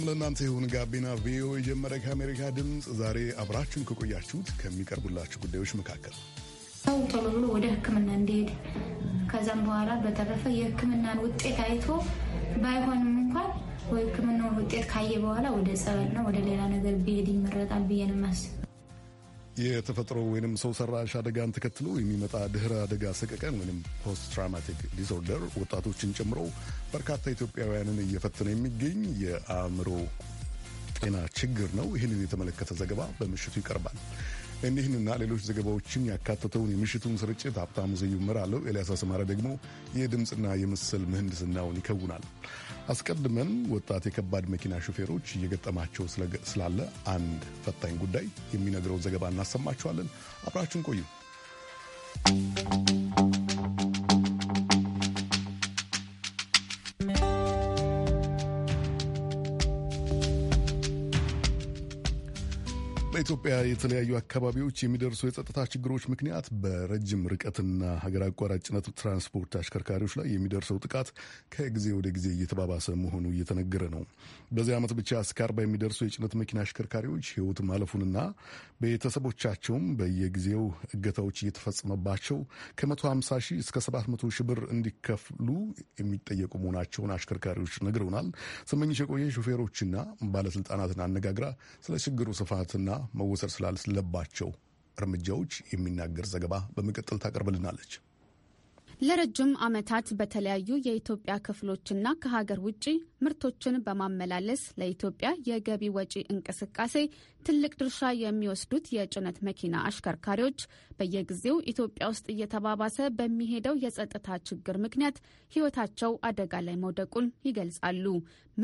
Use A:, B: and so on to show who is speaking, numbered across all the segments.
A: ሰላም ለእናንተ ይሁን። ጋቢና ቪኦኤ ጀመረ። ከአሜሪካ ድምፅ ዛሬ አብራችሁን ከቆያችሁት ከሚቀርቡላችሁ ጉዳዮች መካከል
B: ሰው ቶሎ ብሎ ወደ ሕክምና እንዲሄድ ከዛም በኋላ በተረፈ የሕክምናን ውጤት አይቶ ባይሆንም እንኳን ወይ ሕክምናውን ውጤት ካየ በኋላ ወደ ጸበል ነው ወደ ሌላ ነገር ቢሄድ ይመረጣል ብዬ ነው የማስበው።
A: የተፈጥሮ ወይም ሰው ሰራሽ አደጋን ተከትሎ የሚመጣ ድህረ አደጋ ሰቀቀን ወይም ፖስት ትራውማቲክ ዲስኦርደር ወጣቶችን ጨምሮ በርካታ ኢትዮጵያውያንን እየፈተነ የሚገኝ የአእምሮ ጤና ችግር ነው። ይህንን የተመለከተ ዘገባ በምሽቱ ይቀርባል። እኒህንና ሌሎች ዘገባዎችን ያካተተውን የምሽቱን ስርጭት ሀብታሙ ዝዩ እመራለሁ። ኤልያስ አስማረ ደግሞ የድምፅና የምስል ምህንድስናውን ይከውናል። አስቀድመን ወጣት የከባድ መኪና ሹፌሮች እየገጠማቸው ስላለ አንድ ፈታኝ ጉዳይ የሚነግረውን ዘገባ እናሰማችኋለን። አብራችን ቆዩ። በኢትዮጵያ የተለያዩ አካባቢዎች የሚደርሱ የጸጥታ ችግሮች ምክንያት በረጅም ርቀትና ሀገር አቋራጭ ጭነት ትራንስፖርት አሽከርካሪዎች ላይ የሚደርሰው ጥቃት ከጊዜ ወደ ጊዜ እየተባባሰ መሆኑ እየተነገረ ነው። በዚህ ዓመት ብቻ እስከ አርባ የሚደርሱ የጭነት መኪና አሽከርካሪዎች ሕይወት ማለፉንና ቤተሰቦቻቸውም በየጊዜው እገታዎች እየተፈጸመባቸው ከ ሀምሳ ሺህ እስከ 700 ሺህ ብር እንዲከፍሉ የሚጠየቁ መሆናቸውን አሽከርካሪዎች ነግረውናል። ስመኝሽ የቆየ ሾፌሮችና ባለስልጣናትን አነጋግራ ስለ ችግሩ ስፋትና መወሰድ ስላለባቸው እርምጃዎች የሚናገር ዘገባ በመቀጠል ታቀርብልናለች።
C: ለረጅም ዓመታት በተለያዩ የኢትዮጵያ ክፍሎችና ከሀገር ውጭ ምርቶችን በማመላለስ ለኢትዮጵያ የገቢ ወጪ እንቅስቃሴ ትልቅ ድርሻ የሚወስዱት የጭነት መኪና አሽከርካሪዎች በየጊዜው ኢትዮጵያ ውስጥ እየተባባሰ በሚሄደው የጸጥታ ችግር ምክንያት ሕይወታቸው አደጋ ላይ መውደቁን ይገልጻሉ።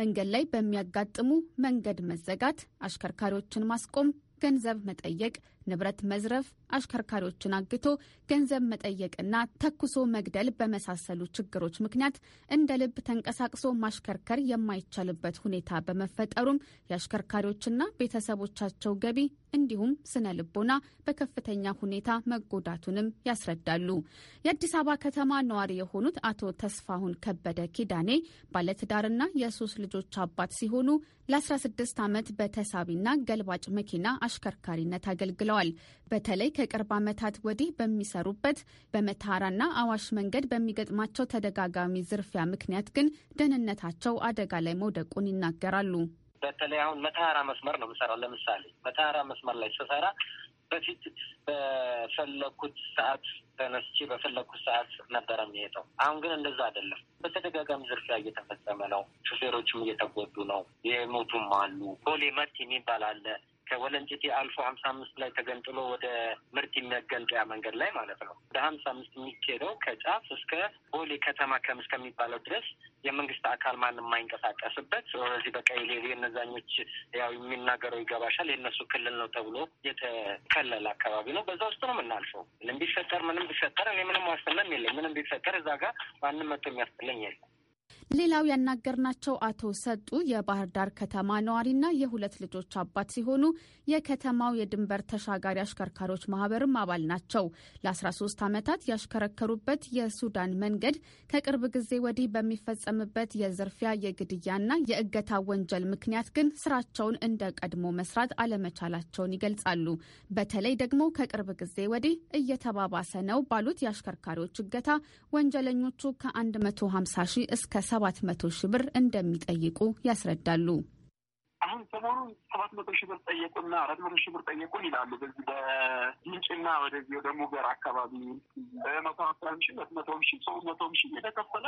C: መንገድ ላይ በሚያጋጥሙ መንገድ መዘጋት፣ አሽከርካሪዎችን ማስቆም፣ ገንዘብ መጠየቅ ንብረት መዝረፍ፣ አሽከርካሪዎችን አግቶ ገንዘብ መጠየቅና ተኩሶ መግደል በመሳሰሉ ችግሮች ምክንያት እንደ ልብ ተንቀሳቅሶ ማሽከርከር የማይቻልበት ሁኔታ በመፈጠሩም የአሽከርካሪዎችና ቤተሰቦቻቸው ገቢ እንዲሁም ስነ ልቦና በከፍተኛ ሁኔታ መጎዳቱንም ያስረዳሉ። የአዲስ አበባ ከተማ ነዋሪ የሆኑት አቶ ተስፋሁን ከበደ ኪዳኔ ባለትዳርና የሶስት ልጆች አባት ሲሆኑ ለ16 ዓመት በተሳቢና ገልባጭ መኪና አሽከርካሪነት አገልግለዋል። ብለዋል። በተለይ ከቅርብ ዓመታት ወዲህ በሚሰሩበት በመተሃራና አዋሽ መንገድ በሚገጥማቸው ተደጋጋሚ ዝርፊያ ምክንያት ግን ደህንነታቸው አደጋ ላይ መውደቁን ይናገራሉ።
D: በተለይ አሁን መተሃራ መስመር ነው የምሰራው። ለምሳሌ መተሃራ መስመር ላይ ስሰራ በፊት በፈለኩት ሰዓት ተነስቼ በፈለኩት ሰዓት ነበረ የሚሄደው። አሁን ግን እንደዛ አይደለም። በተደጋጋሚ ዝርፊያ እየተፈጸመ ነው። ሹፌሮችም እየተጎዱ ነው። የሞቱም አሉ። ቦሌ መት የሚባል አለ። ከወለንጭቲ አልፎ ሀምሳ አምስት ላይ ተገንጥሎ ወደ ምርት መገንጠያ መንገድ ላይ ማለት ነው። ወደ ሀምሳ አምስት የሚኬደው ከጫፍ እስከ ቦሌ ከተማ ከም ድረስ የመንግስት አካል ማንም የማይንቀሳቀስበት ስለዚህ በቃ የሌሉ የነዛኞች ያው የሚናገረው ይገባሻል የእነሱ ክልል ነው ተብሎ የተከለለ አካባቢ ነው። በዛ ውስጥ ነው የምናልፈው። ምንም ቢፈጠር ምንም ቢፈጠር እኔ ምንም ዋስትናም የለኝ። ምንም ቢፈጠር እዛ ጋር ማንም መቶ የሚያስጥለኝ የለም።
C: ሌላው ያናገርናቸው አቶ ሰጡ የባህር ዳር ከተማ ነዋሪና የሁለት ልጆች አባት ሲሆኑ የከተማው የድንበር ተሻጋሪ አሽከርካሪዎች ማህበርም አባል ናቸው። ለ13 ዓመታት ያሽከረከሩበት የሱዳን መንገድ ከቅርብ ጊዜ ወዲህ በሚፈጸምበት የዝርፊያ የግድያና የእገታ ወንጀል ምክንያት ግን ስራቸውን እንደ ቀድሞ መስራት አለመቻላቸውን ይገልጻሉ። በተለይ ደግሞ ከቅርብ ጊዜ ወዲህ እየተባባሰ ነው ባሉት የአሽከርካሪዎች እገታ ወንጀለኞቹ ከ150 ሺህ እስከ ሰባት መቶ ሺህ ብር እንደሚጠይቁ ያስረዳሉ።
E: አሁን ሰሞኑን ሰባት መቶ ሺህ ብር ጠየቁና አራት መቶ ሺህ ብር ጠየቁን ይላሉ። በዚህ በምንጭና ወደዚህ ወደ ሙገር አካባቢ መቶ ሀምሳም ሺህ ሁለት መቶ ሺህ ሶስት መቶ ሺህ የተከፈለ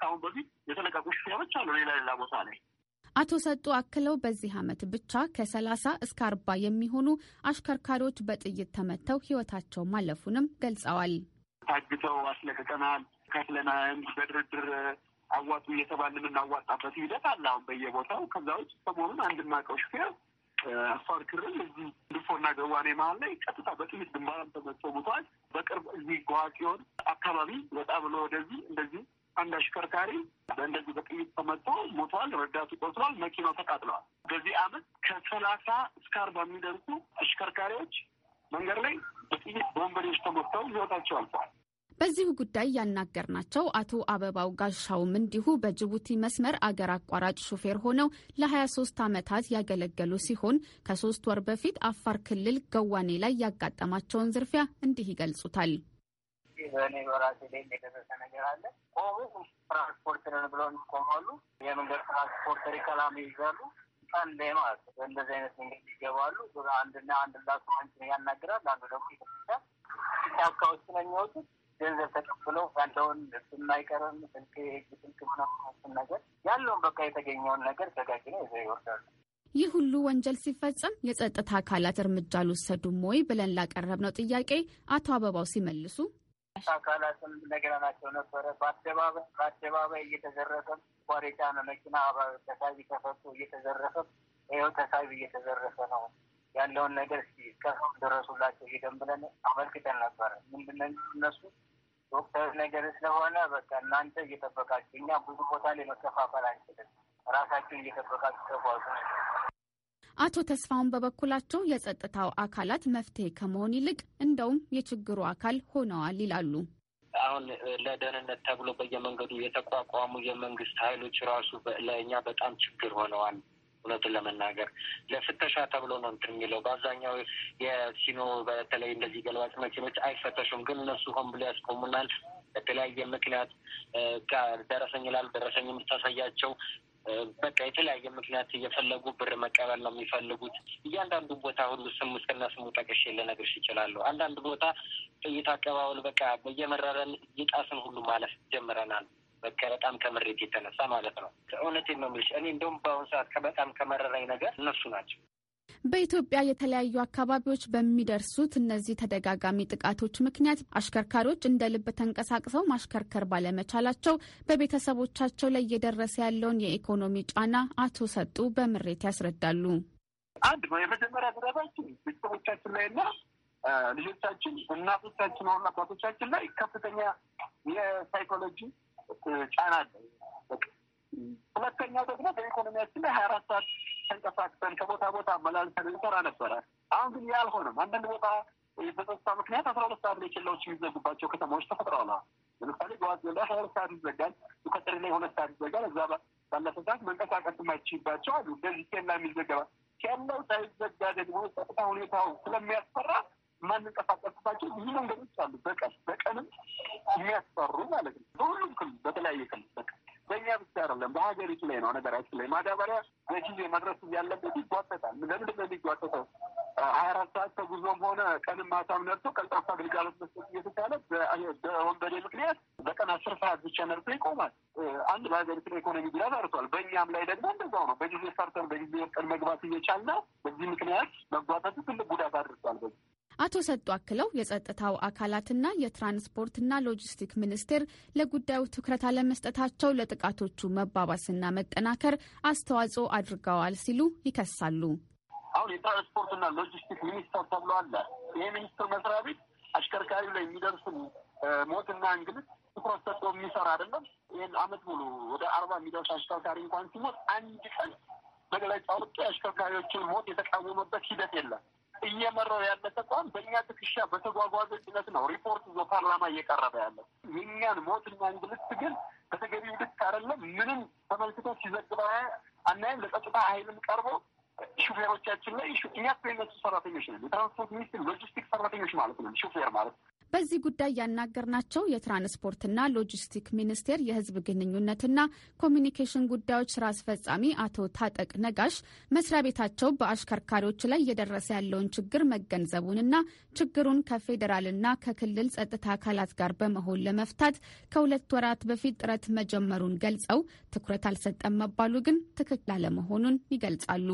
E: ከአሁን በፊት የተለቀቁ ሽያዎች አሉ ሌላ ሌላ ቦታ ላይ
C: አቶ ሰጡ አክለው በዚህ ዓመት ብቻ ከ30 እስከ 40 የሚሆኑ አሽከርካሪዎች በጥይት ተመተው ሕይወታቸው ማለፉንም ገልጸዋል።
E: ታግተው አስለቅቀናል፣ ከፍለናል፣ በድርድር አዋጡ እየተባለ የምናዋጣበት ሂደት አለ አሁን በየቦታው። ከዛ ውጭ ሰሞኑን አንድ ማቀው ሹፌር አፋር ክልል እዚህ ድፎና ገዋኔ መሀል ላይ ቀጥታ በጥይት ግንባራን ተመቶ ሙቷል። በቅርብ እዚህ ጎዋቂዮን አካባቢ ወጣ ብሎ ወደዚህ እንደዚህ አንድ አሽከርካሪ በእንደዚህ በጥይት ተመቶ ሞቷል። ረዳቱ ቆስሏል። መኪናው ተቃጥለዋል። በዚህ አመት ከሰላሳ እስከ አርባ የሚደርሱ አሽከርካሪዎች መንገድ ላይ በጥይት በወንበዴዎች ተመተው ህይወታቸው አልፈዋል።
C: በዚሁ ጉዳይ ያናገርናቸው አቶ አበባው ጋሻውም እንዲሁ በጅቡቲ መስመር አገር አቋራጭ ሹፌር ሆነው ለ23 ዓመታት ያገለገሉ ሲሆን ከሶስት ወር በፊት አፋር ክልል ገዋኔ ላይ ያጋጠማቸውን ዝርፊያ እንዲህ ይገልጹታል።
E: በእኔ በራሴ ላይ የደረሰ ነገር አለ። ቆሙ ትራንስፖርት ነን ብለው ይቆማሉ። የመንገድ ትራንስፖርት ሪከላም ይይዛሉ። ቀንዴ ማለት ነው። በእንደዚህ አይነት መንገድ ይገባሉ። አንድና አንድ ላሱ አንቺ ያናግራል። አንዱ ደግሞ ኢትዮጵያ ጫካ ነው የሚወጡት ገንዘብ ተቀብለው ያለውን እሱም አይቀርም ስልክ ስልክ ምናምን ነገር ያለውን በቃ የተገኘውን ነገር ዘጋጅ ነው ይዘው ይወርዳሉ።
C: ይህ ሁሉ ወንጀል ሲፈጸም የጸጥታ አካላት እርምጃ አልወሰዱም ወይ ብለን ላቀረብነው ጥያቄ አቶ አበባው ሲመልሱ
E: አካላትም ነግረናቸው ነበረ። በአደባባይ በአደባባይ እየተዘረፈ ኳር የጫነ መኪና ተሳቢ ተፈቶ እየተዘረፈ ይኸው ተሳቢ እየተዘረፈ ነው ያለውን ነገር እስኪ ደረሱላቸው ሄደን ብለን አመልክተን ነበረ። ምንድነ እነሱ ዶክተር ነገር ስለሆነ በቃ እናንተ እየጠበቃችሁ እኛ ብዙ ቦታ ላይ መከፋፈል አንችልም። ራሳችሁ እየጠበቃችሁ ተጓዙ።
C: አቶ ተስፋውን በበኩላቸው የጸጥታው አካላት መፍትሄ ከመሆን ይልቅ እንደውም የችግሩ አካል ሆነዋል ይላሉ።
D: አሁን ለደህንነት ተብሎ በየመንገዱ የተቋቋሙ የመንግስት ኃይሎች ራሱ ለእኛ በጣም ችግር ሆነዋል። እውነቱን ለመናገር ለፍተሻ ተብሎ ነው እንትን የሚለው በአብዛኛው የሲኖ በተለይ እንደዚህ ገልባጭ መኪኖች አይፈተሹም። ግን እነሱ ሆን ብሎ ያስቆሙናል። በተለያየ ምክንያት ደረሰኝ ይላሉ። ደረሰኝ የምታሳያቸው በቃ የተለያየ ምክንያት እየፈለጉ ብር መቀበል ነው የሚፈልጉት። እያንዳንዱ ቦታ ሁሉ ስም እስከና ስሙ ጠቅሼ ልነግርሽ ይችላሉ። አንዳንድ ቦታ ጥይት አቀባበል በቃ እየመረረን ይጣስን ሁሉ ማለፍ ጀምረናል። በቃ በጣም ከምሬት የተነሳ ማለት ነው። እውነቴን ነው የምልሽ። እኔ እንደውም በአሁኑ ሰዓት ከበጣም ከመረራኝ ነገር እነሱ ናቸው።
C: በኢትዮጵያ የተለያዩ አካባቢዎች በሚደርሱት እነዚህ ተደጋጋሚ ጥቃቶች ምክንያት አሽከርካሪዎች እንደ ልብ ተንቀሳቅሰው ማሽከርከር ባለመቻላቸው በቤተሰቦቻቸው ላይ እየደረሰ ያለውን የኢኮኖሚ ጫና አቶ ሰጡ በምሬት ያስረዳሉ። አንድ
E: ነው የመጀመሪያ ደረጃችን ቤተሰቦቻችን ላይ እና ልጆቻችን፣ እናቶቻችን ሆኑ አባቶቻችን ላይ ከፍተኛ የሳይኮሎጂ ጫና አለ። ሁለተኛው ደግሞ በኢኮኖሚያችን ላይ ሀያ አራት ሰዓት ተንቀሳቅሰን ከቦታ ቦታ አመላልሰን እንሰራ ነበረ። አሁን ግን ያልሆነም አንዳንድ ቦታ በጸጥታ ምክንያት አስራ ሁለት ሰዓት ላይ ኬላዎች የሚዘጉባቸው ከተማዎች ተፈጥረዋል። ለምሳሌ በዋዝ ላይ ሀያ ሁለት ሰዓት ይዘጋል፣ ቁጥጥር ላይ ሁለት ሰዓት ይዘጋል። እዛ ባለፈ ሰዓት መንቀሳቀስ የማይችልባቸው አሉ። በዚህ ኬላ የሚዘገባ ኬላው ሳይዘጋ ደግሞ ጸጥታ ሁኔታው ስለሚያስፈራ የማንንቀሳቀስባቸው ብዙ መንገዶች አሉ። በቀን በቀንም የሚያስፈሩ ማለት ነው። በሁሉም ክልል፣ በተለያየ ክልል በቀን በእኛ ብቻ አይደለም፣ በሀገሪቱ ላይ ነው። ነገራችን ላይ ማዳበሪያ በጊዜ መድረስ ያለበት ይጓተታል። ለምንድን ነው የሚጓተተው? ሀያ አራት ሰዓት ተጉዞም ሆነ ቀንም ማታም ነርቶ ቀልጣፋ አገልጋሎት መስጠት እየተቻለ በወንበዴ ምክንያት በቀን አስር ሰዓት ብቻ ነርቶ ይቆማል። አንድ በሀገሪቱ ኢኮኖሚ ጉዳት አርቷል። በእኛም ላይ ደግሞ እንደዛው ነው። በጊዜ ሰርተን በጊዜ ቀን መግባት እየቻልና በዚህ
C: ምክንያት መጓተቱ ትልቅ ጉዳት አድርሷል በዚህ አቶ ሰጡ አክለው የጸጥታው አካላትና የትራንስፖርትና ሎጂስቲክ ሚኒስቴር ለጉዳዩ ትኩረት አለመስጠታቸው ለጥቃቶቹ መባባስና መጠናከር አስተዋጽኦ አድርገዋል ሲሉ ይከሳሉ።
F: አሁን
E: የትራንስፖርትና ሎጂስቲክ ሚኒስቴር ተብሎ አለ። ይሄ ሚኒስትር መስሪያ ቤት አሽከርካሪው ላይ የሚደርስ ሞትና እንግልት ትኩረት ሰጥቶ የሚሰራ አይደለም። ይህን አመት ሙሉ ወደ አርባ የሚደርስ አሽከርካሪ እንኳን ሲሞት አንድ ቀን መግለጫ ወጥቶ የአሽከርካሪዎችን ሞት የተቃወመበት ሂደት የለም። እየመራው ያለ ተቋም በእኛ ትከሻ ጭነት ነው ሪፖርት ዞ ፓርላማ እየቀረበ ያለው። የእኛን ሞትና እንግልት ግን በተገቢው ልክ አይደለም ምንም ተመልክቶ ሲዘግባ አናይም። ለጸጥታ ኃይልም ቀርቦ ሹፌሮቻችን ላይ እኛ እኮ ሰራተኞች ነን። የትራንስፖርት ሚኒስትር ሎጂስቲክ ሰራተኞች ማለት ነው ሹፌር ማለት
C: በዚህ ጉዳይ ያናገርናቸው የትራንስፖርትና ሎጂስቲክ ሚኒስቴር የህዝብ ግንኙነትና ኮሚኒኬሽን ጉዳዮች ስራ አስፈጻሚ አቶ ታጠቅ ነጋሽ መስሪያ ቤታቸው በአሽከርካሪዎች ላይ እየደረሰ ያለውን ችግር መገንዘቡንና ችግሩን ከፌዴራልና ከክልል ጸጥታ አካላት ጋር በመሆን ለመፍታት ከሁለት ወራት በፊት ጥረት መጀመሩን ገልጸው ትኩረት አልሰጠም መባሉ ግን ትክክል አለመሆኑን ይገልጻሉ።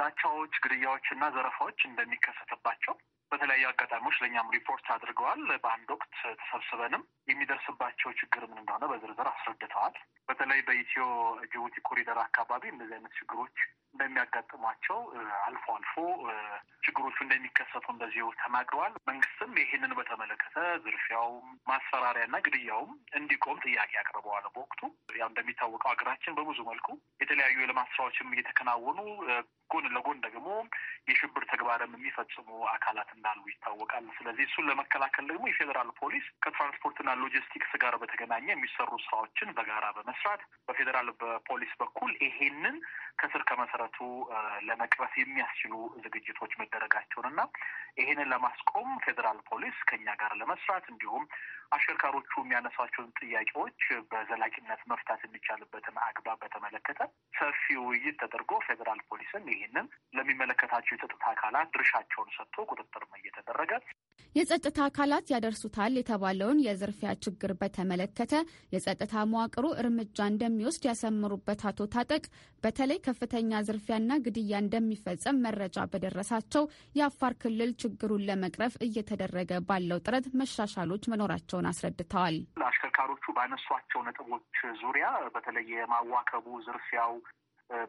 G: ዛቻዎች፣
F: ግድያዎች እና ዘረፋዎች እንደሚከሰትባቸው በተለያዩ አጋጣሚዎች ለእኛም ሪፖርት አድርገዋል። በአንድ ወቅት ተሰብስበንም የሚደርስባቸው ችግር ምን እንደሆነ በዝርዝር አስረድተዋል። በተለይ በኢትዮ ጅቡቲ ኮሪደር አካባቢ እንደዚህ አይነት ችግሮች እንደሚያጋጥሟቸው አልፎ አልፎ ችግሮቹ እንደሚከሰቱ በዚሁ ተናግረዋል። መንግስትም ይህንን በተመለከተ ዝርፊያውም ማስፈራሪያና ግድያውም እንዲቆም ጥያቄ አቅርበዋል። በወቅቱ ያው እንደሚታወቀው ሀገራችን በብዙ መልኩ የተለያዩ የልማት ስራዎችም እየተከናወኑ ጎን ለጎን ደግሞ የሽብር ተግባርም የሚፈጽሙ አካላት እንዳሉ ይታወቃል። ስለዚህ እሱን ለመከላከል ደግሞ የፌዴራል ፖሊስ ከትራንስፖርትና ሎጂስቲክስ ጋር በተገናኘ የሚሰሩ ስራዎችን በጋራ በመስራት በፌዴራል ፖሊስ በኩል ይሄንን ከስር ከመሰረ መሰረቱ ለመቅረፍ የሚያስችሉ ዝግጅቶች መደረጋቸውን እና ይህንን ለማስቆም ፌዴራል ፖሊስ ከኛ ጋር ለመስራት እንዲሁም አሽከርካሪዎቹ የሚያነሷቸውን ጥያቄዎች በዘላቂነት መፍታት የሚቻልበትን አግባብ በተመለከተ ሰፊ ውይይት ተደርጎ ፌዴራል ፖሊስም ይህንን ለሚመለከታቸው የጸጥታ አካላት ድርሻቸውን ሰጥቶ ቁጥጥር እየተደረገ
C: የጸጥታ አካላት ያደርሱታል የተባለውን የዝርፊያ ችግር በተመለከተ የጸጥታ መዋቅሩ እርምጃ እንደሚወስድ ያሰምሩበት አቶ ታጠቅ በተለይ ከፍተኛ ዝርፊያና ግድያ እንደሚፈጸም መረጃ በደረሳቸው የአፋር ክልል ችግሩን ለመቅረፍ እየተደረገ ባለው ጥረት መሻሻሎች መኖራቸውን አስረድተዋል።
F: አሽከርካሪዎቹ ባነሷቸው ነጥቦች ዙሪያ በተለይ የማዋከቡ፣ ዝርፊያው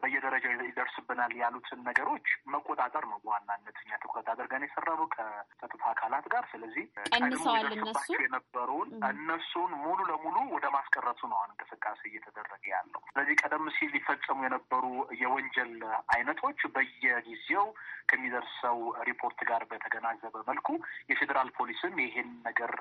F: በየደረጃው ይደርስብናል ያሉትን ነገሮች መቆጣጠር ነው በዋናነት እኛ ትኩረት አድርገን የሰራነው ከጸጥታ አካላት ጋር። ስለዚህ ቀንሰዋል እነሱ የነበረውን እነሱን ሙሉ ለሙሉ ወደ ማስቀረቱ ነው አሁን እንቅስቃሴ እየተደረገ ያለው። ስለዚህ ቀደም ሲል ሊፈጸሙ የነበሩ የወንጀል አይነቶች በየጊዜው ከሚደርሰው ሪፖርት ጋር በተገናዘበ መልኩ የፌዴራል ፖሊስም ይሄን ነገር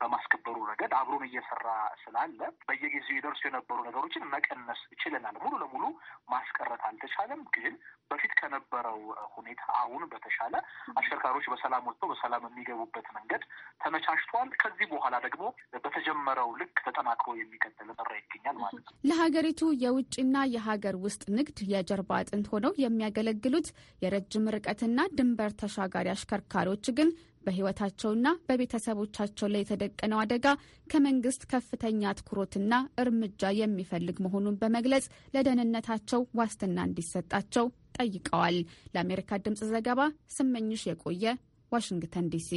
F: በማስከበሩ ረገድ አብሮን እየሰራ ስላለ በየጊዜው ይደርሱ የነበሩ ነገሮችን መቀነስ ይችለናል ሙሉ ለሙሉ ማስቀረት አልተቻለም። ግን በፊት ከነበረው ሁኔታ አሁን በተሻለ አሽከርካሪዎች በሰላም ወጥተው በሰላም የሚገቡበት መንገድ ተመቻችቷል። ከዚህ በኋላ ደግሞ በተጀመረው ልክ ተጠናክሮ የሚቀጥል ጥራ ይገኛል ማለት
C: ነው። ለሀገሪቱ የውጭና የሀገር ውስጥ ንግድ የጀርባ አጥንት ሆነው የሚያገለግሉት የረጅም ርቀትና ድንበር ተሻጋሪ አሽከርካሪዎች ግን በህይወታቸውና በቤተሰቦቻቸው ላይ የተደቀነው አደጋ ከመንግስት ከፍተኛ አትኩሮትና እርምጃ የሚፈልግ መሆኑን በመግለጽ ለደህንነታቸው ዋስትና እንዲሰጣቸው ጠይቀዋል። ለአሜሪካ ድምጽ ዘገባ ስመኝሽ የቆየ ዋሽንግተን ዲሲ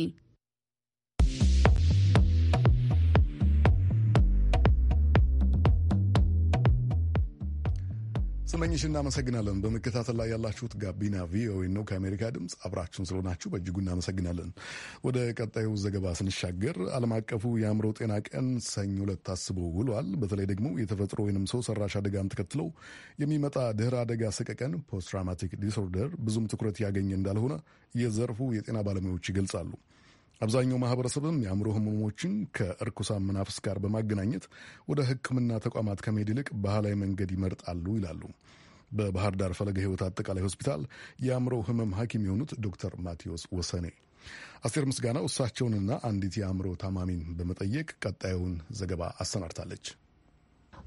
A: ስመኝሽ እናመሰግናለን። በመከታተል ላይ ያላችሁት ጋቢና ቪኦኤ ነው። ከአሜሪካ ድምፅ አብራችሁን ስለሆናችሁ በእጅጉ እናመሰግናለን። ወደ ቀጣዩ ዘገባ ስንሻገር ዓለም አቀፉ የአእምሮ ጤና ቀን ሰኞ ዕለት ታስቦ ውሏል። በተለይ ደግሞ የተፈጥሮ ወይንም ሰው ሰራሽ አደጋን ተከትሎ የሚመጣ ድህረ አደጋ ሰቀቀን ፖስት ትራውማቲክ ዲስኦርደር ብዙም ትኩረት ያገኘ እንዳልሆነ የዘርፉ የጤና ባለሙያዎች ይገልጻሉ። አብዛኛው ማህበረሰብም የአእምሮ ህመሞችን ከእርኩሳን መናፍስት ጋር በማገናኘት ወደ ሕክምና ተቋማት ከመሄድ ይልቅ ባህላዊ መንገድ ይመርጣሉ ይላሉ። በባህር ዳር ፈለገ ህይወት አጠቃላይ ሆስፒታል የአእምሮ ህመም ሐኪም የሆኑት ዶክተር ማቴዎስ ወሰኔ አስቴር ምስጋናው እሳቸውንና አንዲት የአእምሮ ታማሚን በመጠየቅ ቀጣዩን ዘገባ አሰናድታለች።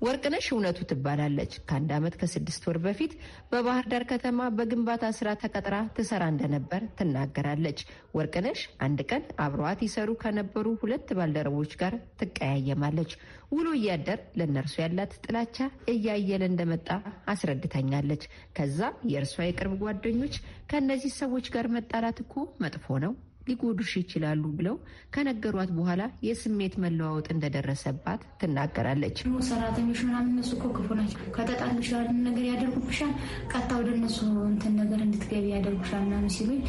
H: ወርቅነሽ እውነቱ ትባላለች። ከአንድ ዓመት ከስድስት ወር በፊት በባህር ዳር ከተማ በግንባታ ስራ ተቀጥራ ትሰራ እንደነበር ትናገራለች። ወርቅነሽ አንድ ቀን አብረዋት ይሰሩ ከነበሩ ሁለት ባልደረቦች ጋር ትቀያየማለች። ውሎ እያደር ለእነርሱ ያላት ጥላቻ እያየለ እንደመጣ አስረድተኛለች። ከዛ የእርሷ የቅርብ ጓደኞች ከእነዚህ ሰዎች ጋር መጣላት እኮ መጥፎ ነው ሊጎዱሽ ይችላሉ ብለው ከነገሯት በኋላ የስሜት መለዋወጥ እንደደረሰባት ትናገራለች።
B: ሰራተኞች ምናምን እነሱ እኮ ክፉ ናቸው። ከተጣሉሽ ያንን ነገር ያደርጉብሻል፣ ቀጥታ ወደ እነሱ እንትን ነገር እንድትገቢ ያደርጉሻል ምናምን ሲሉኝ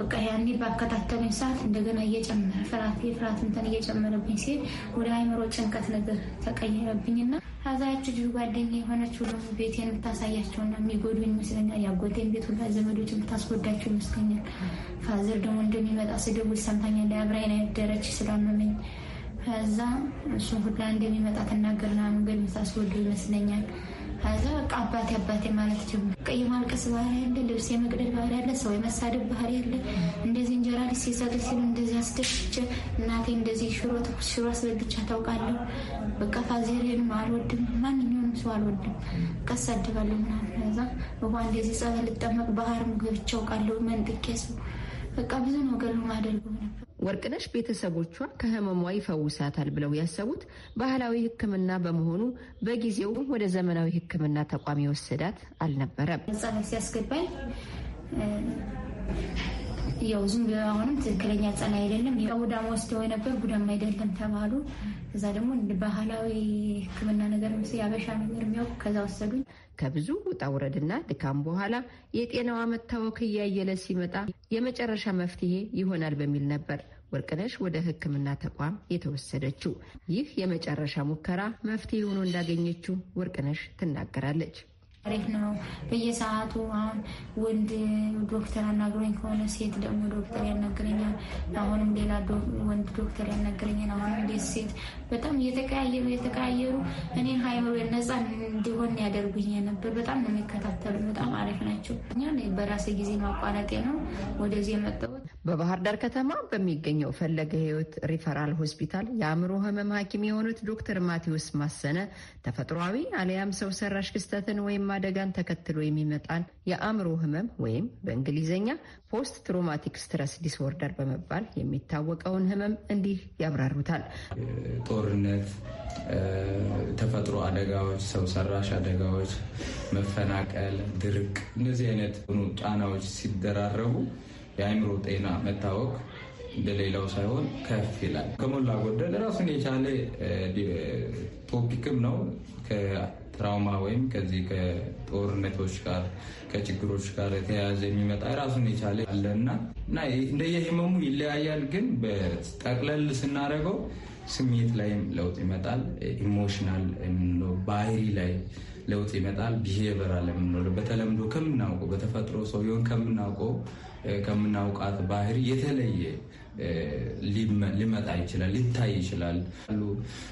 B: በቃ ያኔ ባከታተሉኝ ሰዓት እንደገና እየጨመረ ፍራት የፍራት እንትን እየጨመረብኝ ሲሄድ ወደ አይምሮ ጭንቀት ነገር ተቀየረብኝና አዛያችሁ ልጅ ጓደኛ የሆነችው ሁሉ ቤት የምታሳያቸውና የሚጎዱኝ ይመስለኛል። ያጎቴን ቤት ሁላ ዘመዶች የምታስጎዳቸው ይመስለኛል። ፋዘር ደግሞ እንደ እንደሚመጣ ስደውል ሰምታኛ እንደ አብራይን ያደረች ስላመመኝ ከዛ እሱ ሁላ እንደሚመጣ ትናገርና መንገድ ምሳስወዱ ይመስለኛል። ከዛ በቃ አባቴ አባቴ ማለት ቀይ ማልቀስ ባህሪ ያለ፣ ልብስ የመቅደድ ባህሪ ያለ፣ ሰው የመሳደብ ባህሪ ያለ። እንደዚህ እንጀራ ልስ ሲሰጥ ሲሉ እንደዚህ አስደፍቼ እናቴ እንደዚህ ሽሮ ትኩስ ሽሮ አስበልቻ ታውቃለሁ። በቃ ፋዘሬንም አልወድም፣ ማንኛውንም ሰው አልወድም። ቀስ አድባለሁ ምናምን። ከዛ ውሃ እንደዚህ ጸበል ልጠመቅ ባህርም ገብቼ አውቃለሁ መንጥቄ ሰው በቃ ብዙ ነገር ነው ነበር። ወርቅነሽ ቤተሰቦቿ
H: ከህመሟ ይፈውሳታል ብለው ያሰቡት ባህላዊ ሕክምና በመሆኑ በጊዜው ወደ ዘመናዊ ሕክምና ተቋም የወሰዳት አልነበረም። ህጻናት ሲያስገባኝ
B: ያው ዝም ብሎ አሁንም ትክክለኛ ጸና አይደለም ጉዳም ወስደው ነበር። ጉዳም አይደለም ተባሉ። እዛ ደግሞ ባህላዊ ሕክምና ነገር ያበሻ ነገር የሚያውቁ ከዛ ወሰዱኝ። ከብዙ ውጣ ውረድና ድካም በኋላ የጤናዋ
H: መታወክ እያየለ ሲመጣ የመጨረሻ መፍትሄ ይሆናል በሚል ነበር ወርቅነሽ ወደ ሕክምና ተቋም የተወሰደችው። ይህ የመጨረሻ ሙከራ መፍትሄ ሆኖ እንዳገኘችው ወርቅነሽ ትናገራለች።
B: አሪፍ ነው። በየሰዓቱ አሁን ወንድ ዶክተር አናግረኝ ከሆነ ሴት ደግሞ ዶክተር ያናግረኛል። አሁንም ሌላ ወንድ ዶክተር ያናግረኛል። አሁንም እንዴት ሴት በጣም እየተቀያየሩ እየተቀያየሩ እኔን ሀይሮ ነጻ እንዲሆን ያደርጉኝ ነበር። በጣም ነው የሚከታተሉ። በጣም አሪፍ ናቸው። እኛ በራሴ ጊዜ ማቋረጤ ነው ወደዚህ የመጣሁት።
H: በባህር ዳር ከተማ በሚገኘው ፈለገ ህይወት ሪፈራል ሆስፒታል የአእምሮ ህመም ሐኪም የሆኑት ዶክተር ማቴዎስ ማሰነ ተፈጥሯዊ አሊያም ሰው ሰራሽ ክስተትን ወይም አደጋን ተከትሎ የሚመጣን የአእምሮ ህመም ወይም በእንግሊዝኛ ፖስት ትሮማቲክ ስትረስ ዲስኦርደር በመባል የሚታወቀውን ህመም እንዲህ ያብራሩታል።
I: ጦርነት፣ ተፈጥሮ አደጋዎች፣ ሰው ሰራሽ አደጋዎች፣ መፈናቀል፣ ድርቅ፣ እነዚህ አይነት ጫናዎች ሲደራረቡ የአእምሮ ጤና መታወክ እንደሌላው ሳይሆን ከፍ ይላል። ከሞላ ጎደል ራሱን የቻለ ቶፒክም ነው። ከትራውማ ወይም ከዚህ ከጦርነቶች ጋር ከችግሮች ጋር የተያያዘ የሚመጣ ራሱን የቻለ አለ እና እንደየህመሙ ይለያያል። ግን በጠቅለል ስናደርገው ስሜት ላይም ለውጥ ይመጣል። ኢሞሽናል የምንለው ባህሪ ላይ ለውጥ ይመጣል። ቢሄቨራል የምንለው በተለምዶ ከምናውቀው በተፈጥሮ ሰው ከምናውቀው ከምናውቃት ባህሪ የተለየ ሊመጣ ይችላል፣ ሊታይ ይችላል።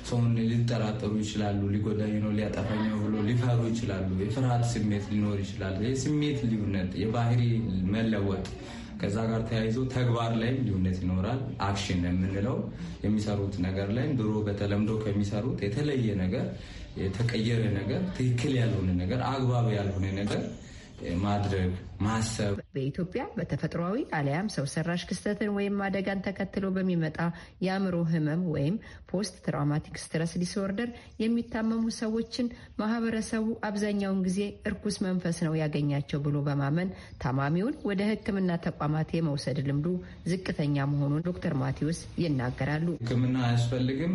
I: ሰውን ሊጠራጠሩ ይችላሉ። ሊጎዳኝ ነው፣ ሊያጠፋኝ ነው ብሎ ሊፈሩ ይችላሉ። የፍርሃት ስሜት ሊኖር ይችላል። የስሜት ልዩነት፣ የባህሪ መለወጥ ከዛ ጋር ተያይዞ ተግባር ላይም ልዩነት ይኖራል። አክሽን የምንለው የሚሰሩት ነገር ላይም ድሮ በተለምዶ ከሚሰሩት የተለየ ነገር፣ የተቀየረ ነገር፣ ትክክል ያልሆነ ነገር፣ አግባብ ያልሆነ ነገር ማድረግ ማሰብ
H: በኢትዮጵያ በተፈጥሯዊ አለያም ሰው ሰራሽ ክስተትን ወይም አደጋን ተከትሎ በሚመጣ የአእምሮ ህመም ወይም ፖስት ትራውማቲክ ስትረስ ዲስኦርደር የሚታመሙ ሰዎችን ማህበረሰቡ አብዛኛውን ጊዜ እርኩስ መንፈስ ነው ያገኛቸው ብሎ በማመን ታማሚውን ወደ ሕክምና ተቋማት የመውሰድ ልምዱ ዝቅተኛ መሆኑን ዶክተር ማቴዎስ ይናገራሉ።
I: ሕክምና አያስፈልግም፣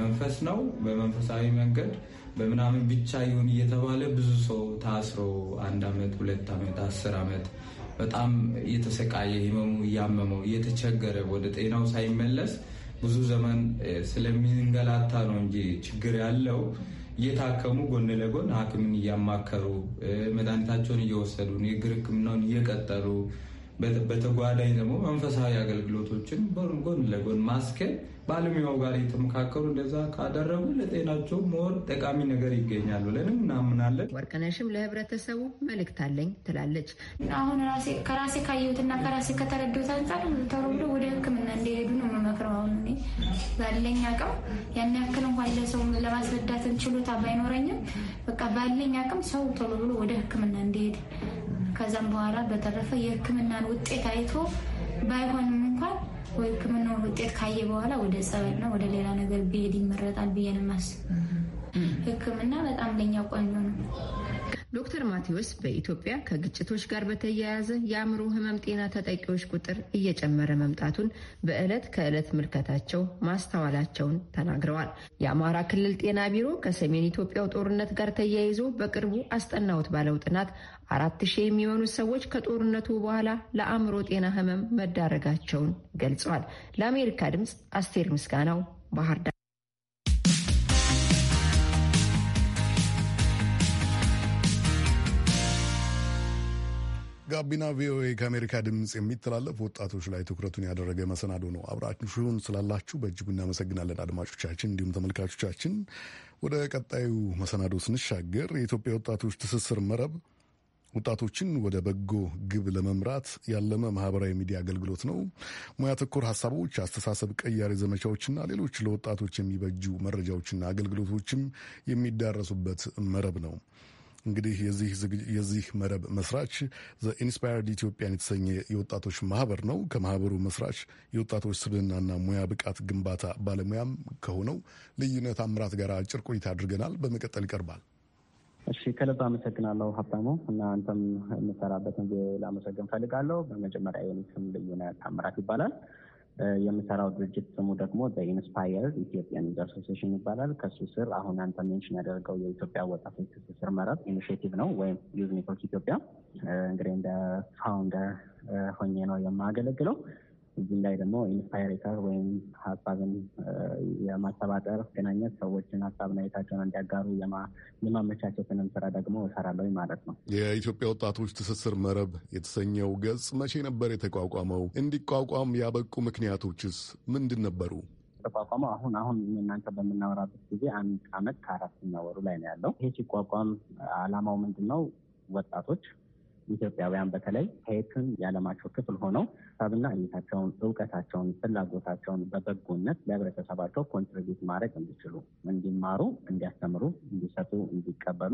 I: መንፈስ ነው በመንፈሳዊ መንገድ በምናምን ብቻ ይሁን እየተባለ ብዙ ሰው ታስሮ አንድ ዓመት ሁለት ዓመት አስር ዓመት በጣም እየተሰቃየ ህመሙ እያመመው እየተቸገረ ወደ ጤናው ሳይመለስ ብዙ ዘመን ስለሚንገላታ ነው እንጂ ችግር ያለው እየታከሙ ጎን ለጎን ሐኪምን እያማከሩ መድኃኒታቸውን እየወሰዱ የእግር ህክምናውን እየቀጠሉ በተጓዳኝ ደግሞ መንፈሳዊ አገልግሎቶችን ጎን ለጎን ማስኬድ ባለሙያው ጋር የተመካከሉ እንደዛ ካደረጉ ለጤናቸው ሞር ጠቃሚ ነገር ይገኛል ብለንም እናምናለን።
H: ወርቅነሽም ለህብረተሰቡ መልእክት አለኝ ትላለች። አሁን
B: ከራሴ ካየሁትና ከራሴ ከተረዱት አንጻር ተሮብሎ ወደ ሕክምና እንዲሄዱ ነው የምመክረው። አሁን ባለኝ አቅም ያን ያክል እንኳን ለሰው ለማስረዳትን ችሎታ ባይኖረኝም በቃ ባለኝ አቅም ሰው ቶሎ ብሎ ወደ ሕክምና እንዲሄድ ከዛም በኋላ በተረፈ የህክምናን ውጤት አይቶ ባይሆንም እንኳን ወይ ውጤት ካየ በኋላ ወደ ጸበልና ወደ ሌላ ነገር ብሄድ ይመረጣል ብዬን ማስ ህክምና በጣም ለኛ ቆንጆ ነው።
H: ዶክተር ማቴዎስ በኢትዮጵያ ከግጭቶች ጋር በተያያዘ የአእምሮ ህመም ጤና ተጠቂዎች ቁጥር እየጨመረ መምጣቱን በዕለት ከዕለት ምልከታቸው ማስተዋላቸውን ተናግረዋል። የአማራ ክልል ጤና ቢሮ ከሰሜን ኢትዮጵያው ጦርነት ጋር ተያይዞ በቅርቡ አስጠናሁት ባለው ጥናት አራት ሺህ የሚሆኑ ሰዎች ከጦርነቱ በኋላ ለአእምሮ ጤና ህመም መዳረጋቸውን ገልጸዋል። ለአሜሪካ ድምፅ አስቴር ምስጋናው ባህር ዳር።
A: ጋቢና ቪኦኤ ከአሜሪካ ድምፅ የሚተላለፍ ወጣቶች ላይ ትኩረቱን ያደረገ መሰናዶ ነው። አብራችሁን ስላላችሁ በእጅጉ እናመሰግናለን አድማጮቻችን፣ እንዲሁም ተመልካቾቻችን። ወደ ቀጣዩ መሰናዶ ስንሻገር የኢትዮጵያ ወጣቶች ትስስር መረብ ወጣቶችን ወደ በጎ ግብ ለመምራት ያለመ ማህበራዊ ሚዲያ አገልግሎት ነው። ሙያ ተኮር ሀሳቦች፣ አስተሳሰብ ቀያሪ ዘመቻዎችና ሌሎች ለወጣቶች የሚበጁ መረጃዎችና አገልግሎቶችም የሚዳረሱበት መረብ ነው። እንግዲህ የዚህ መረብ መስራች ዘኢንስፓየርድ ኢትዮጵያን የተሰኘ የወጣቶች ማህበር ነው። ከማህበሩ መስራች የወጣቶች ስብዕናና ሙያ ብቃት ግንባታ ባለሙያም ከሆነው ልዩነት አምራት ጋር አጭር ቆይታ አድርገናል። በመቀጠል ይቀርባል። እሺ ከልብ አመሰግናለሁ ሀብታሙ እና አንተም የምሰራበትን ላመሰግን
J: ፈልጋለሁ። በመጀመሪያ የኔ ስም ልዩነት ታምራት ይባላል። የምሰራው ድርጅት ስሙ ደግሞ በኢንስፓየር ኢትዮጵያን ዩዝ አሶሲሽን ይባላል። ከሱ ስር አሁን አንተ ሜንሽን ያደርገው የኢትዮጵያ ወጣቶች ትስስር መረብ ኢኒሽቲቭ ነው ወይም ዩዝ ኔትወርክ ኢትዮጵያ። እንግዲህ እንደ ፋውንደር ሆኜ ነው የማገለግለው። እዚህም ላይ ደግሞ ኢንስፓይሬተር ወይም ሀሳብን የማሰባጠር ገናኘት ሰዎችን ሀሳብ ናየታቸውን እንዲያጋሩ የማመቻቸትንም ስራ ደግሞ እሰራለሁ ማለት ነው።
A: የኢትዮጵያ ወጣቶች ትስስር መረብ የተሰኘው ገጽ መቼ ነበር የተቋቋመው? እንዲቋቋም ያበቁ ምክንያቶችስ ምንድን ነበሩ?
J: የተቋቋመው አሁን አሁን እናንተ በምናወራበት ጊዜ አንድ አመት ከአራተኛ ወሩ ላይ ነው ያለው። ይህ ሲቋቋም አላማው ምንድን ነው? ወጣቶች ኢትዮጵያውያን በተለይ ከየትም የዓለማቸው ክፍል ሆነው ሀሳብና እይታቸውን፣ እውቀታቸውን፣ ፍላጎታቸውን በበጎነት ለህብረተሰባቸው ኮንትሪቢዩት ማድረግ እንዲችሉ፣ እንዲማሩ፣ እንዲያስተምሩ፣ እንዲሰጡ፣ እንዲቀበሉ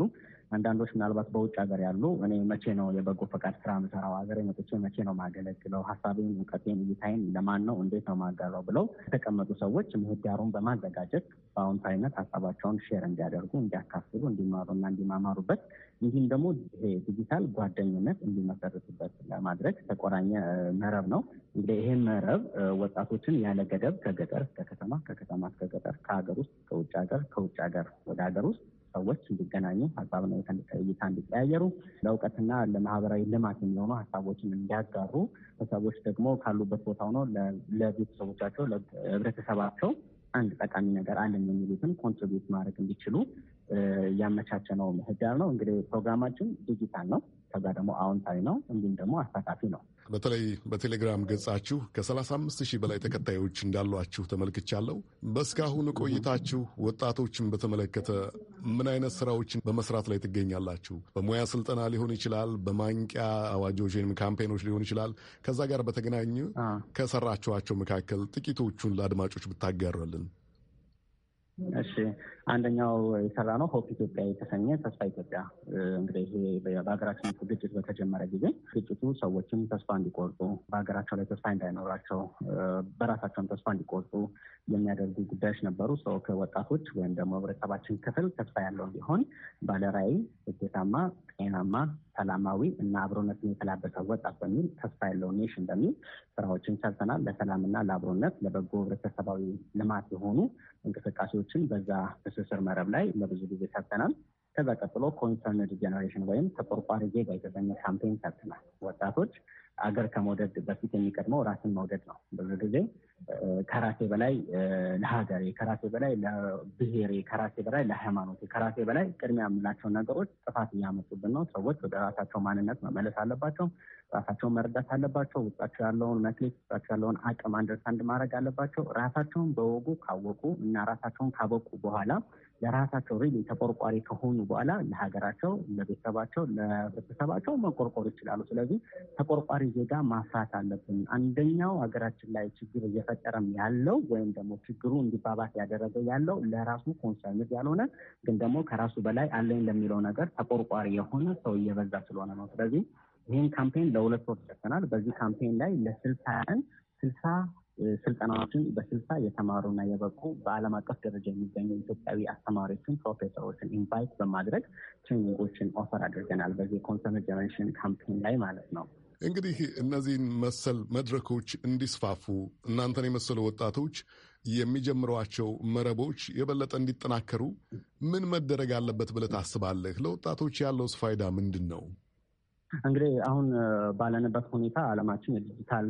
J: አንዳንዶች ምናልባት በውጭ ሀገር ያሉ እኔ መቼ ነው የበጎ ፈቃድ ስራ ምሰራው ሀገር መጥቼ መቼ ነው ማገለግለው ሀሳቤን፣ እውቀቴን፣ እይታይን ለማን ነው እንዴት ነው ማጋራው ብለው የተቀመጡ ሰዎች ምህዳሩን በማዘጋጀት በአዎንታዊነት ሀሳባቸውን ሼር እንዲያደርጉ፣ እንዲያካፍሉ፣ እና እንዲማማሩበት ይህም ደግሞ ዲጂታል ጓደኝነት እንዲመሰርትበት ለማድረግ ተቆራኘ መረብ ነው። እንግዲህ ይህም መረብ ወጣቶችን ያለ ገደብ ከገጠር እስከ ከተማ፣ ከከተማ እስከ ገጠር፣ ከሀገር ውስጥ ከውጭ ሀገር፣ ከውጭ ሀገር ወደ ሀገር ውስጥ ሰዎች እንዲገናኙ ሀሳብና እይታ እንዲቀያየሩ፣ ለእውቀትና ለማህበራዊ ልማት የሚሆኑ ሀሳቦችን እንዲያጋሩ፣ ሰዎች ደግሞ ካሉበት ቦታ ሆነው ለቤተሰቦቻቸው፣ ለህብረተሰባቸው አንድ ጠቃሚ ነገር አለን የሚሉትን ኮንትሪቢዩት ማድረግ እንዲችሉ ያመቻቸነው ምህዳር ነው። እንግዲህ ፕሮግራማችን ዲጂታል ነው። ከዛ ደግሞ አዎንታዊ ነው፣ እንዲሁም ደግሞ አሳታፊ
A: ነው። በተለይ በቴሌግራም ገጻችሁ ከ35 ሺህ በላይ ተከታዮች እንዳሏችሁ ተመልክቻለሁ። በእስካሁኑ ቆይታችሁ ወጣቶችን በተመለከተ ምን አይነት ስራዎችን በመስራት ላይ ትገኛላችሁ? በሙያ ስልጠና ሊሆን ይችላል፣ በማንቂያ አዋጆች ወይም ካምፔኖች ሊሆን ይችላል። ከዛ ጋር በተገናኘ ከሰራችኋቸው መካከል ጥቂቶቹን ለአድማጮች ብታጋራልን። እሺ አንደኛው
J: የሰራ ነው ሆፕ ኢትዮጵያ የተሰኘ ተስፋ ኢትዮጵያ እንግዲህ በሀገራችን ግጭት በተጀመረ ጊዜ ግጭቱ ሰዎችም ተስፋ እንዲቆርጡ በሀገራቸው ላይ ተስፋ እንዳይኖራቸው በራሳቸውም ተስፋ እንዲቆርጡ የሚያደርጉ ጉዳዮች ነበሩ። ሰው ከወጣቶች ወይም ደግሞ ህብረተሰባችን ክፍል ተስፋ ያለው እንዲሆን ባለራይ ስኬታማ ጤናማ፣ ሰላማዊ እና አብሮነትን የተላበሰ ወጣት በሚል ተስፋ ያለው ኔሽን በሚል ስራዎችን ሰርተናል። ለሰላምና ለአብሮነት ለበጎ ህብረተሰባዊ ልማት የሆኑ እንቅስቃሴዎችን በዛ ትስስር መረብ ላይ ለብዙ ጊዜ ሰርተናል። ከዛ ቀጥሎ ኮንሰርንድ ጄኔሬሽን ወይም ተቆርቋሪ ዜጋ የተሰኘ ካምፔን ሰርተናል። ወጣቶች አገር ከመውደድ በፊት የሚቀድመው ራስን መውደድ ነው። ብዙ ጊዜ ከራሴ በላይ ለሀገሬ፣ ከራሴ በላይ ለብሔሬ፣ ከራሴ በላይ ለሃይማኖቴ፣ ከራሴ በላይ ቅድሚያ የምላቸው ነገሮች ጥፋት እያመጡብን ነው። ሰዎች ወደ ራሳቸው ማንነት መመለስ አለባቸው። ራሳቸውን መረዳት አለባቸው። ውስጣቸው ያለውን መክሊት፣ ውስጣቸው ያለውን አቅም አንደርስታንድ ማድረግ አለባቸው። ራሳቸውን በወጉ ካወቁ እና ራሳቸውን ካበቁ በኋላ ለራሳቸው ሪሊ ተቆርቋሪ ከሆኑ በኋላ ለሀገራቸው፣ ለቤተሰባቸው፣ ለህብረተሰባቸው መቆርቆር ይችላሉ። ስለዚህ ተቆርቋሪ ዜጋ ማፍራት አለብን። አንደኛው ሀገራችን ላይ ችግር እየፈጠረም ያለው ወይም ደግሞ ችግሩ እንዲባባስ ያደረገ ያለው ለራሱ ኮንሰርን ያልሆነ ግን ደግሞ ከራሱ በላይ አለኝ ለሚለው ነገር ተቆርቋሪ የሆነ ሰው እየበዛ ስለሆነ ነው። ስለዚህ ይህን ካምፔን ለሁለት ወር ጨርሰናል። በዚህ ካምፔን ላይ ለስልሳ ቀን ስልሳ ስልጠናዎችን በስልሳ የተማሩ እና የበቁ በዓለም አቀፍ ደረጃ የሚገኙ ኢትዮጵያዊ አስተማሪዎችን፣ ፕሮፌሰሮችን ኢንቫይት በማድረግ ትሬኒንጎችን ኦፈር አድርገናል። በዚህ ኮንሰርን ጀኔሬሽን ካምፔን ላይ ማለት ነው።
A: እንግዲህ እነዚህን መሰል መድረኮች እንዲስፋፉ እናንተን የመሰሉ ወጣቶች የሚጀምሯቸው መረቦች የበለጠ እንዲጠናከሩ ምን መደረግ አለበት ብለህ ታስባለህ? ለወጣቶች ያለውስ ፋይዳ ምንድን ነው?
J: እንግዲህ አሁን ባለንበት ሁኔታ አለማችን የዲጂታል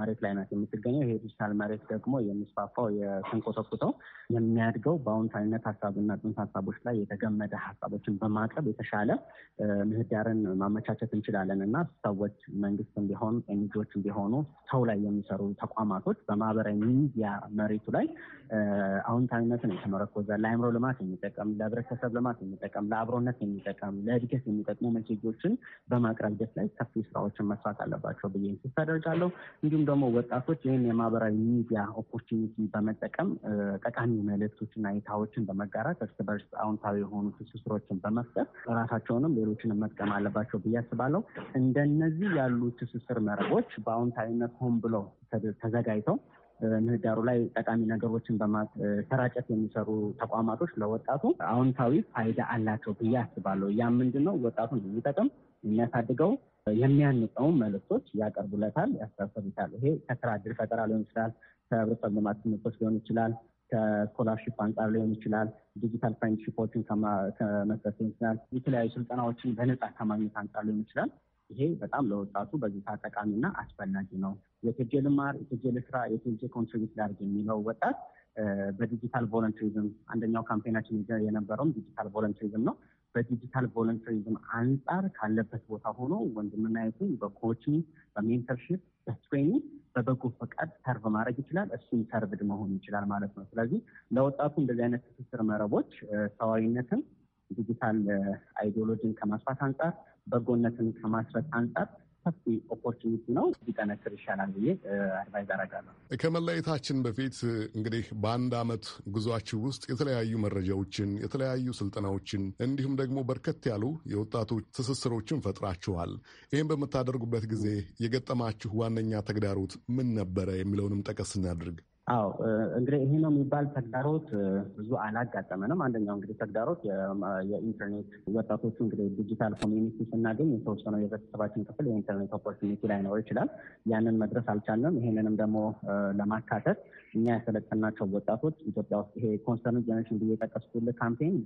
J: መሬት ላይ ናት የምትገኘው። ይሄ ዲጂታል መሬት ደግሞ የሚስፋፋው የተንኮተኩተው የሚያድገው በአውንታዊነት ሀሳብና ጽንሰ ሀሳቦች ላይ የተገመደ ሀሳቦችን በማቅረብ የተሻለ ምህዳርን ማመቻቸት እንችላለን እና ሰዎች መንግስትም ቢሆን ኤንጂዎችም ቢሆኑ ሰው ላይ የሚሰሩ ተቋማቶች በማህበራዊ ሚዲያ መሬቱ ላይ አዎንታዊነትን የተመረኮዘ ለአይምሮ ልማት የሚጠቀም ለህብረተሰብ ልማት የሚጠቀም ለአብሮነት የሚጠቀም ለእድገት የሚጠቅሙ መሴጆችን በማቅረብ በማደራጀት ላይ ሰፊ ስራዎችን መስራት አለባቸው ብዬ ኢንሲስት አደርጋለሁ። እንዲሁም ደግሞ ወጣቶች ይህን የማህበራዊ ሚዲያ ኦፖርቹኒቲ በመጠቀም ጠቃሚ መልእክቶችና እይታዎችን በመጋራት እርስ በርስ አዎንታዊ የሆኑ ትስስሮችን በመፍጠር ራሳቸውንም ሌሎችንም መጥቀም አለባቸው ብዬ አስባለሁ። እንደነዚህ ያሉ ትስስር መረቦች በአዎንታዊነት ሆን ብሎ ተዘጋጅተው ምህዳሩ ላይ ጠቃሚ ነገሮችን በማሰራጨት የሚሰሩ ተቋማቶች ለወጣቱ አዎንታዊ ፋይዳ አላቸው ብዬ አስባለሁ። ያ ምንድን ነው? ወጣቱን የሚጠቅም የሚያሳድገው የሚያንጸውን መልእክቶች ያቀርቡለታል፣ ያስታሰቡታል። ይሄ ከስራ ዕድል ፈጠራ ሊሆን ይችላል፣ ከህብረተሰብ ልማት ትምህርቶች ሊሆን ይችላል፣ ከስኮላርሽፕ አንጻር ሊሆን ይችላል፣ ዲጂታል ፍሬንድሺፖችን ከመስጠት ሊሆን ይችላል፣ የተለያዩ ስልጠናዎችን በነጻ ከማግኘት አንጻር ሊሆን ይችላል። ይሄ በጣም ለወጣቱ በዚህ ሰዓት ጠቃሚና አስፈላጊ ነው። የቴጄ ልማር፣ የቴጄ ልስራ፣ የቴጄ ኮንትሪቢት ላድርግ የሚለው ወጣት በዲጂታል ቮለንትሪዝም አንደኛው ካምፔናችን የነበረውም ዲጂታል ቮለንትሪዝም ነው። በዲጂታል ቮለንተሪዝም አንጻር ካለበት ቦታ ሆኖ ወንድምና ይቱ በኮቺንግ በሜንተርሽፕ በትሬኒንግ በበጎ ፈቃድ ሰርቭ ማድረግ ይችላል። እሱም ሰርቭድ መሆን ይችላል ማለት ነው። ስለዚህ ለወጣቱ እንደዚህ አይነት ትስስር መረቦች ሰዋዊነትን፣ ዲጂታል አይዲዮሎጂን ከማስፋት አንጻር፣ በጎነትን ከማስረት አንጻር ሰፊ ኦፖርቹኒቲ ነው። ቢጠነክር ይሻላል ብዬ አድቫይዝ አደርጋለሁ።
A: ከመለየታችን በፊት እንግዲህ በአንድ አመት ጉዟችሁ ውስጥ የተለያዩ መረጃዎችን፣ የተለያዩ ስልጠናዎችን እንዲሁም ደግሞ በርከት ያሉ የወጣቶች ትስስሮችን ፈጥራችኋል። ይህም በምታደርጉበት ጊዜ የገጠማችሁ ዋነኛ ተግዳሮት ምን ነበረ የሚለውንም ጠቀስ እናድርግ። አዎ እንግዲህ ይሄ ነው የሚባል ተግዳሮት ብዙ አላጋጠመንም። አንደኛው እንግዲህ ተግዳሮት የኢንተርኔት
J: ወጣቶቹ እንግዲህ ዲጂታል ኮሚኒቲ ስናገኝ የተወሰነው የቤተሰባችን ክፍል የኢንተርኔት ኦፖርቹኒቲ ላይኖር ይችላል። ያንን መድረስ አልቻለም። ይሄንንም ደግሞ ለማካተት እኛ ያሰለጠናቸው ወጣቶች ኢትዮጵያ ውስጥ ይሄ ኮንሰርን ጀኔሬሽን ብዬ የጠቀስኩት ካምፔን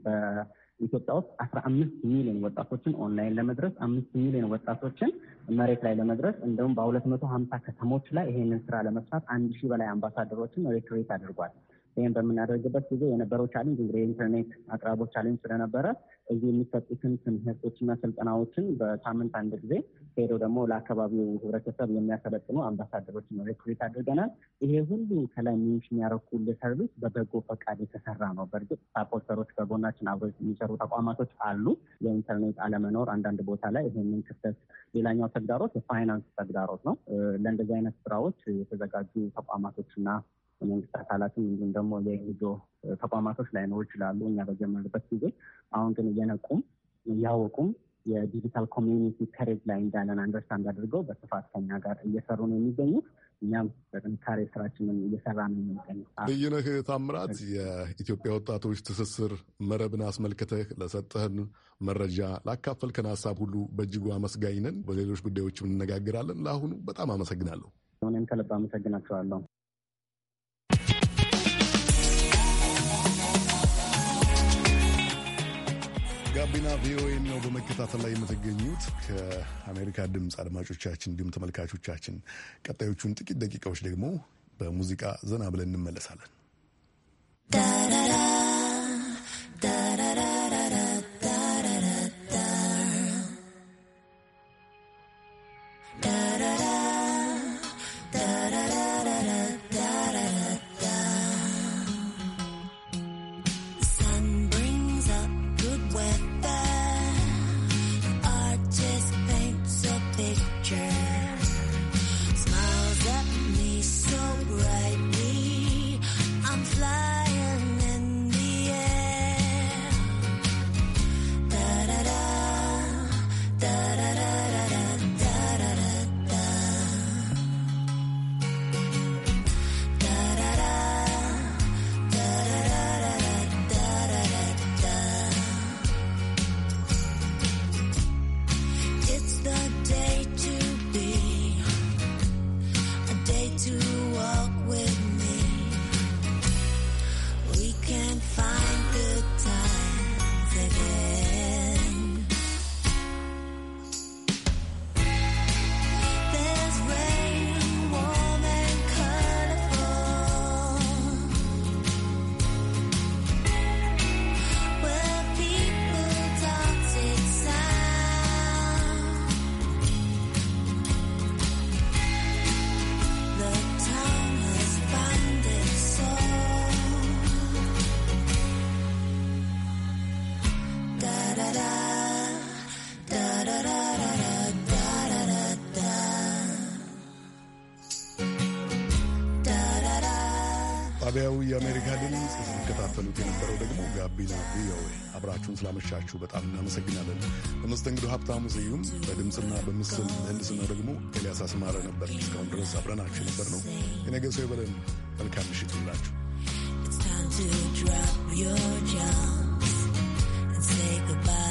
J: ኢትዮጵያ ውስጥ አስራ አምስት ሚሊዮን ወጣቶችን ኦንላይን ለመድረስ አምስት ሚሊዮን ወጣቶችን መሬት ላይ ለመድረስ እንደውም በሁለት መቶ ሀምሳ ከተሞች ላይ ይሄንን ስራ ለመስራት አንድ ሺህ በላይ አምባሳደሮችን ሬክሬት አድርጓል። ይህም በምናደርግበት ጊዜ የነበረው ቻሌንጅ እንግዲህ የኢንተርኔት አቅራቦት ቻሌንጅ ስለነበረ እዚህ የሚሰጡትን ትምህርቶችና ስልጠናዎችን በሳምንት አንድ ጊዜ ሄዶ ደግሞ ለአካባቢው ህብረተሰብ የሚያሰለጥኑ አምባሳደሮችን ሬክሩት አድርገናል። ይሄ ሁሉ ከላይ ሚኒሽ የሚያረኩል ሰርቪስ በበጎ ፈቃድ የተሰራ ነው። በእርግጥ ሳፖርተሮች በጎናችን አብሮ የሚሰሩ ተቋማቶች አሉ። የኢንተርኔት አለመኖር አንዳንድ ቦታ ላይ ይሄንን ክፍተት፣ ሌላኛው ተግዳሮት የፋይናንስ ተግዳሮት ነው። ለእንደዚህ አይነት ስራዎች የተዘጋጁ ተቋማቶችና የመንግስት አካላትም እንዲሁም ደግሞ የሂዶ ተቋማቶች ላይኖሩ ይችላሉ እኛ በጀመርበት ጊዜ። አሁን ግን እየነቁም እያወቁም የዲጂታል ኮሚኒቲ ከሬጅ ላይ እንዳለን አንደርስታንድ አድርገው በስፋት ከኛ ጋር እየሰሩ ነው የሚገኙት። እኛም በጥንካሬ ስራችንን እየሰራ ነው የሚገኘው።
A: በየነህ ታምራት፣ የኢትዮጵያ ወጣቶች ትስስር መረብን አስመልክተህ ለሰጠህን መረጃ፣ ላካፈልከን ሀሳብ ሁሉ በእጅጉ አመስጋኝ ነን። በሌሎች ጉዳዮችም እንነጋግራለን። ለአሁኑ በጣም አመሰግናለሁ። እኔም ከልብ አመሰግናቸዋለሁ። ጋቢና ቪኦኤ ነው በመከታተል ላይ የምትገኙት ከአሜሪካ ድምፅ አድማጮቻችን፣ እንዲሁም ተመልካቾቻችን። ቀጣዮቹን ጥቂት ደቂቃዎች ደግሞ በሙዚቃ ዘና ብለን እንመለሳለን። ስትከታተሉት የነበረው ደግሞ ጋቢና ቪኦኤ። አብራችሁን ስላመሻችሁ በጣም እናመሰግናለን። በመስተንግዶ ሀብታሙ ስዩም፣ በድምፅና በምስል ምህንድስና ደግሞ ኤልያስ አስማረ ነበር። እስካሁን ድረስ አብረናችሁ ነበር ነው የነገ ሰው የበለን። መልካም ምሽት ይላችሁ።
G: It's time to drop your jobs and say goodbye.